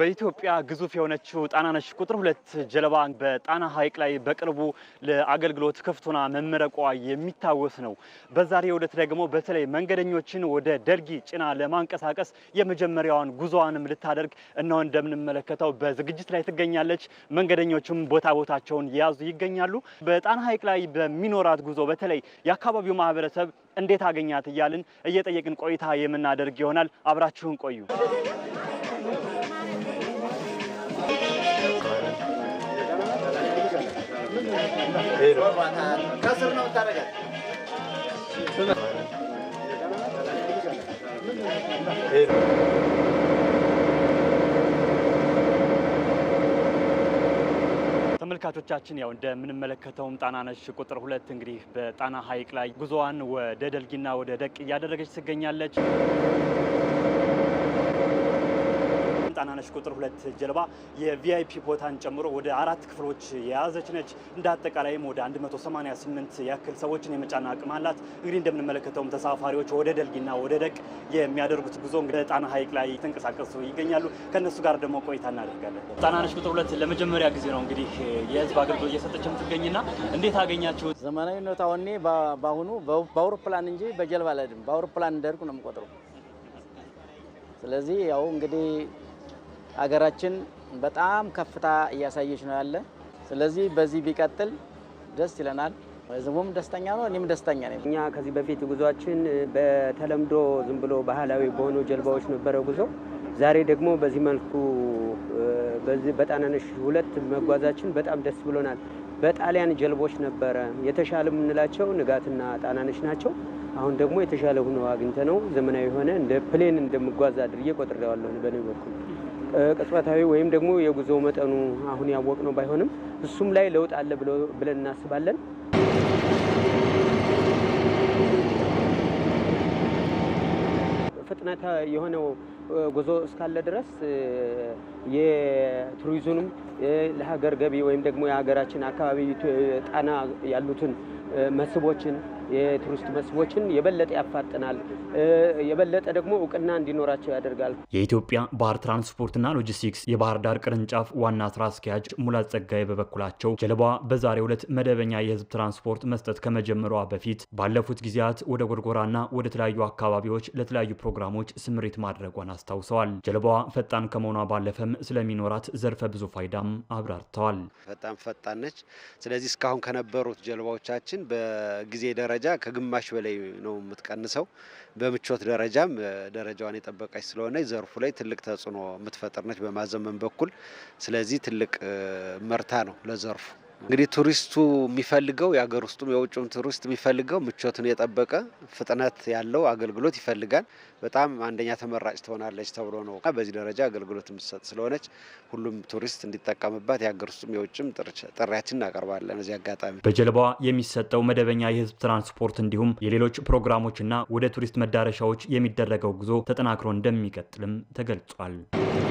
በኢትዮጵያ ግዙፍ የሆነችው ጣናነሽ ቁጥር ሁለት ጀልባ በጣና ሐይቅ ላይ በቅርቡ ለአገልግሎት ክፍት መመረቋ የሚታወስ ነው። በዛሬው ዕለት ደግሞ በተለይ መንገደኞችን ወደ ደልጊ ጭና ለማንቀሳቀስ የመጀመሪያዋን ጉዞዋንም ልታደርግ እነሆ እንደምንመለከተው በዝግጅት ላይ ትገኛለች። መንገደኞችም ቦታ ቦታቸውን የያዙ ይገኛሉ። በጣና ሐይቅ ላይ በሚኖራት ጉዞ በተለይ የአካባቢው ማህበረሰብ እንዴት አገኛት እያልን እየጠየቅን ቆይታ የምናደርግ ይሆናል። አብራችሁን ቆዩ። ከስር ነው ታደርጋለህ። ተመልካቾቻችን ያው እንደምንመለከተውም ጣናነሽ ቁጥር ሁለት እንግዲህ በጣና ሐይቅ ላይ ጉዞዋን ወደ ደልጊና ወደ ደቅ እያደረገች ትገኛለች። ነች ቁጥር ሁለት ጀልባ የቪአይፒ ቦታን ጨምሮ ወደ አራት ክፍሎች የያዘች ነች። እንደ አጠቃላይም ወደ 188 ያክል ሰዎችን የመጫን አቅም አላት። እንግዲህ እንደምንመለከተውም ተሳፋሪዎች ወደ ደልጊና ወደ ደቅ የሚያደርጉት ጉዞ እንግዲህ ጣና ሐይቅ ላይ ተንቀሳቀሱ ይገኛሉ። ከእነሱ ጋር ደግሞ ቆይታ እናደርጋለን። ጣናነሽ ቁጥር ሁለት ለመጀመሪያ ጊዜ ነው እንግዲህ የህዝብ አገልግሎት እየሰጠች የምትገኝና እንዴት አገኛችሁት? ዘመናዊነት አሁኔ በአሁኑ በአውሮፕላን እንጂ በጀልባ ላይ በአውሮፕላን እንደርኩ ነው የምቆጥረው። ስለዚህ ያው እንግዲህ አገራችን በጣም ከፍታ እያሳየች ነው ያለ። ስለዚህ በዚህ ቢቀጥል ደስ ይለናል። ህዝቡም ደስተኛ ነው፣ እኔም ደስተኛ ነኝ። እኛ ከዚህ በፊት ጉዟችን በተለምዶ ዝም ብሎ ባህላዊ በሆኑ ጀልባዎች ነበረ ጉዞ። ዛሬ ደግሞ በዚህ መልኩ በዚህ በጣናነሽ ሁለት መጓዛችን በጣም ደስ ብሎናል። በጣሊያን ጀልቦች ነበረ የተሻለ የምንላቸው ንጋትና ጣናነሽ ናቸው። አሁን ደግሞ የተሻለ ሆኖ አግኝተ ነው ዘመናዊ የሆነ እንደ ፕሌን እንደምጓዝ አድርጌ ቆጥሬዋለሁ በኔ በኩል ቅጽበታዊ ወይም ደግሞ የጉዞ መጠኑ አሁን ያወቅነው ባይሆንም እሱም ላይ ለውጥ አለ ብለን እናስባለን። ፍጥነት የሆነው ጉዞ እስካለ ድረስ የቱሪዝምም ለሀገር ገቢ ወይም ደግሞ የሀገራችን አካባቢ ጣና ያሉትን መስህቦችን የቱሪስት መስህቦችን የበለጠ ያፋጥናል፣ የበለጠ ደግሞ እውቅና እንዲኖራቸው ያደርጋል። የኢትዮጵያ ባህር ትራንስፖርትና ሎጂስቲክስ የባህር ዳር ቅርንጫፍ ዋና ስራ አስኪያጅ ሙላት ጸጋዬ በበኩላቸው ጀልባዋ በዛሬው ዕለት መደበኛ የህዝብ ትራንስፖርት መስጠት ከመጀመሯ በፊት ባለፉት ጊዜያት ወደ ጎርጎራና ወደ ተለያዩ አካባቢዎች ለተለያዩ ፕሮግራሞች ስምሪት ማድረጓን አስታውሰዋል። ጀልባዋ ፈጣን ከመሆኗ ባለፈም ስለሚኖራት ዘርፈ ብዙ ፋይዳም አብራርተዋል። በጣም ፈጣን ነች። ስለዚህ እስካሁን ከነበሩት ጀልባዎቻችን ግን በጊዜ ደረጃ ከግማሽ በላይ ነው የምትቀንሰው። በምቾት ደረጃም ደረጃዋን የጠበቀች ስለሆነ ዘርፉ ላይ ትልቅ ተጽዕኖ የምትፈጥር ነች በማዘመን በኩል። ስለዚህ ትልቅ መርታ ነው ለዘርፉ። እንግዲህ ቱሪስቱ የሚፈልገው የሀገር ውስጡም የውጭም ቱሪስት የሚፈልገው ምቾትን የጠበቀ ፍጥነት ያለው አገልግሎት ይፈልጋል። በጣም አንደኛ ተመራጭ ትሆናለች ተብሎ ነው በዚህ ደረጃ አገልግሎት የምትሰጥ ስለሆነች ሁሉም ቱሪስት እንዲጠቀምባት የሀገር ውስጡም የውጭም ጥሪያችን እናቀርባለን። እዚህ አጋጣሚ በጀልባዋ የሚሰጠው መደበኛ የህዝብ ትራንስፖርት እንዲሁም የሌሎች ፕሮግራሞችና ወደ ቱሪስት መዳረሻዎች የሚደረገው ጉዞ ተጠናክሮ እንደሚቀጥልም ተገልጿል።